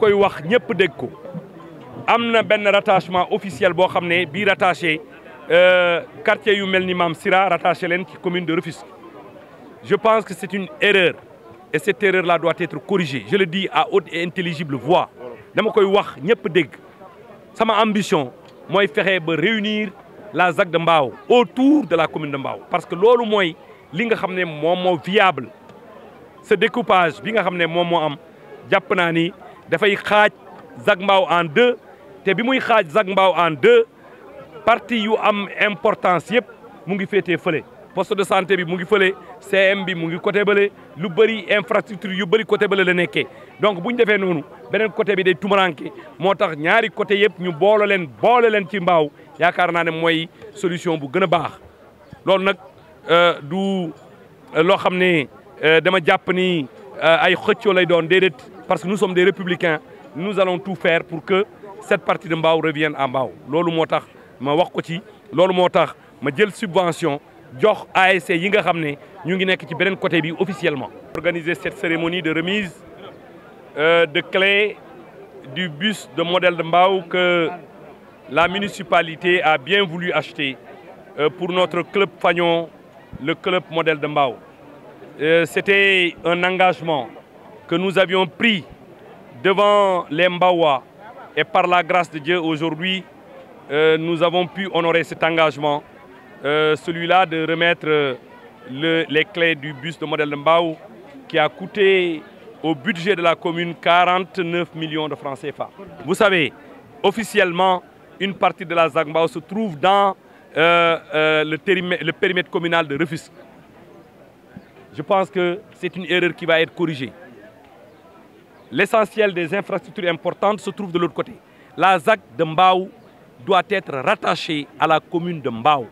koy wax ñëpp dégg ko am na benn rattachement officiel boo xam ne bii rattaché euh, quartier yu mel ni Maam Sira rattaché leen ci commune de Rufisque je pense que c'est une erreur et cette erreur là doit être corrigée je le dis à haute et intelligible voix dama koy wax ñëpp dégg sama ambition mooy fexe ba réunir la ZAC de Mbao autour de la commune de Mbao parce que loolu mooy li nga xam ne moom moo viable ce découpage bi nga xam ne moom moo am jàpp naa ni dafay xaaj Zac Mbao en deux te bi muy xaaj Zac Mbao en deux parti yu am importance yëpp mu ngi féetee fële poste de santé bi mu ngi fële CM bi mu ngi côté bële lu bëri infrastructure yu bëri côté bële la nekkee donc bu ñu defee noonu beneen côté bi day tumaranke moo tax ñaari côté yëpp ñu boole leen boole leen ci mbaaw yaakaar naa ne mooy solution bu gën a baax loolu nag euh, du euh, loo xam ne euh, dama jàpp ni ay xëccoo lay doon déedéet parce que nous sommes des républicains nous allons tout faire pour que cette partie de Mbao revienne à Mbao loolu moo tax ma wax ko ci loolu moo tax ma jël subvention jox a s yi nga xam ne ñu ngi nekk ci beneen côté bi officiellement organiser cette cérémonie de remise euh, de clé du bus de modèle de Mbao que la municipalité a bien voulu acheter euh, pour notre club Fagnon le club modèle de Mbao euh, c'était un engagement que nous avions pris devant les Mbawa et par la grâce de Dieu aujourd'hui, euh, nous avons pu honorer cet engagement, euh, celui de remettre euh, le, les clés du bus de modèle Mbao qui au budget de la commune 49 millions de francs CFA. Vous savez, une partie de la Zagbao se trouve dans euh, euh le, périmètre, le périmètre communal de Refus. Je pense que c'est une erreur qui va L'essentiel des infrastructures importantes se trouve de l'autre côté. La ZAC de Mbao doit être rattachée à la commune de Mbao.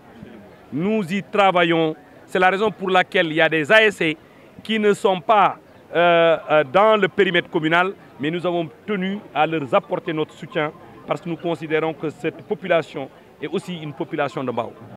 Nous y travaillons. C'est la raison pour laquelle il y a des ASC e qui ne sont pas euh, euh, dans le périmètre communal, mais nous avons tenu à leur apporter notre soutien parce que nous considérons que cette population est aussi une population de Mbao.